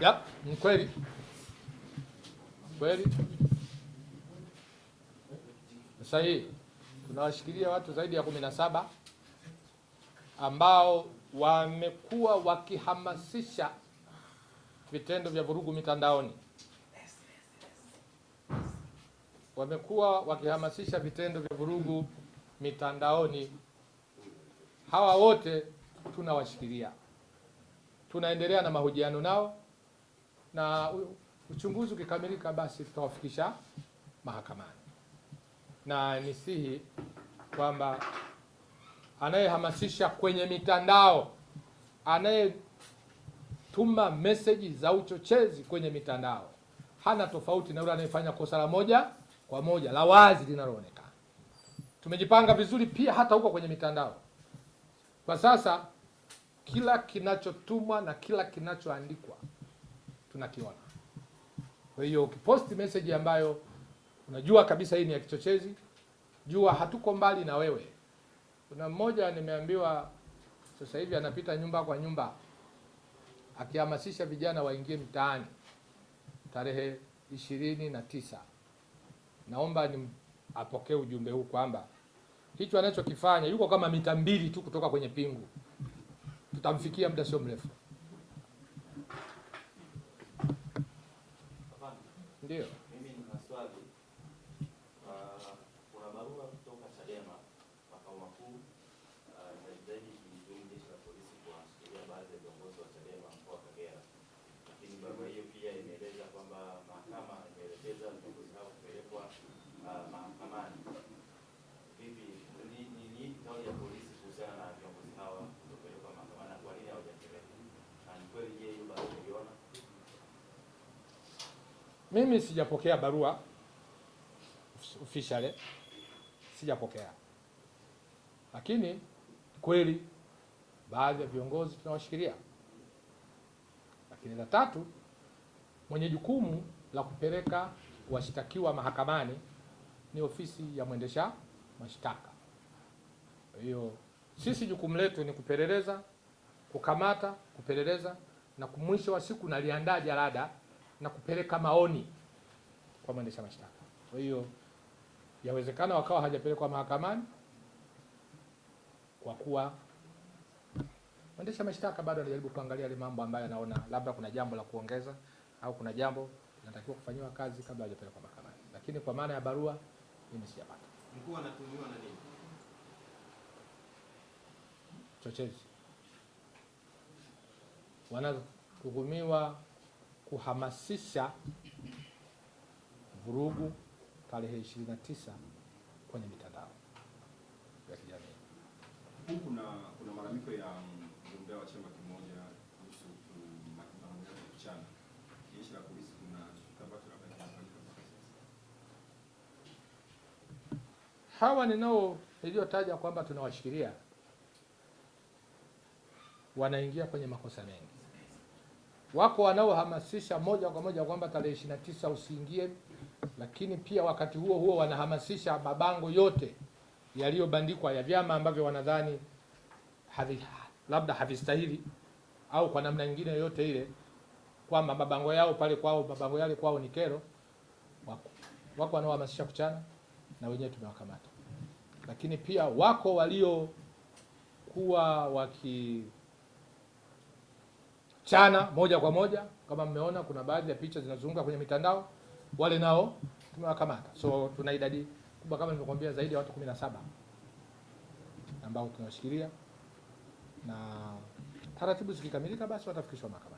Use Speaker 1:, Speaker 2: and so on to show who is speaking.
Speaker 1: Yep, ni kweli kweli, sahihi. Tunawashikilia watu zaidi ya kumi na saba ambao wamekuwa wakihamasisha vitendo vya vurugu mitandaoni, wamekuwa wakihamasisha vitendo vya vurugu mitandaoni. Hawa wote tunawashikilia, tunaendelea na mahojiano nao na uchunguzi ukikamilika, basi tutawafikisha mahakamani, na nisihi kwamba anayehamasisha kwenye mitandao, anayetuma meseji za uchochezi kwenye mitandao hana tofauti na yule anayefanya kosa la moja kwa moja la wazi linaloonekana. Tumejipanga vizuri pia hata huko kwenye mitandao. Kwa sasa kila kinachotumwa na kila kinachoandikwa tunakiona. Kwa hiyo ukiposti message ambayo unajua kabisa hii ni ya kichochezi, jua hatuko mbali na wewe. Kuna mmoja nimeambiwa sasa hivi anapita nyumba kwa nyumba akihamasisha vijana waingie mtaani tarehe ishirini na tisa. Naomba ni apokee ujumbe huu kwamba hicho anachokifanya, yuko kama mita mbili tu kutoka kwenye pingu, tutamfikia muda sio mrefu. Ndio.
Speaker 2: Mimi nina swali. Ah, kuna barua kutoka Chadema makao makuu ah, inahitaji kuliungisha polisi kuwashikilia baadhi ya viongozi wa Chadema
Speaker 1: Mimi sijapokea barua officially, sijapokea, lakini kweli baadhi ya viongozi tunawashikilia. Lakini la tatu, mwenye jukumu la kupeleka washtakiwa mahakamani ni ofisi ya mwendesha mashtaka. Kwa hiyo sisi jukumu letu ni kupeleleza, kukamata, kupeleleza na mwisho wa siku naliandaa jalada na kupeleka maoni kwa mwendesha mashtaka. Kwa hiyo yawezekana wakawa hajapelekwa mahakamani kwa kuwa mwendesha mashtaka bado anajaribu kuangalia yale mambo ambayo anaona labda kuna jambo la kuongeza au kuna jambo linatakiwa kufanyiwa kazi kabla hajapelekwa mahakamani, lakini kwa maana ya barua mimi sijapata.
Speaker 2: Mkuu anatuhumiwa na nini?
Speaker 1: Chochezi wanatuhumiwa kuhamasisha vurugu tarehe 29 kwenye mitandao ya kijamii.
Speaker 2: Huku kuna kuna malalamiko ya mgombea wa chama kimoja kuhusu mm, maandamano mchana. Jeshi la polisi kuna tabato la
Speaker 1: hawa ninao niliyotaja kwamba tunawashikilia wanaingia kwenye makosa mengi. Wako wanaohamasisha moja kwa moja kwamba tarehe ishirini na tisa usiingie, lakini pia wakati huo huo wanahamasisha mabango yote yaliyobandikwa ya vyama ambavyo wanadhani havi, labda havistahili au kwa namna nyingine yoyote ile kwamba mabango yao pale kwao, mabango yale kwao ni kero. Wako wako wanaohamasisha kuchana na wenyewe tumewakamata, lakini pia wako waliokuwa waki mchana moja kwa moja. Kama mmeona, kuna baadhi ya picha zinazunguka kwenye mitandao, wale nao tumewakamata. So tuna idadi kubwa kama nilivyokuambia, zaidi ya watu 17 ambao tunawashikilia na taratibu zikikamilika, basi watafikishwa mahakamani.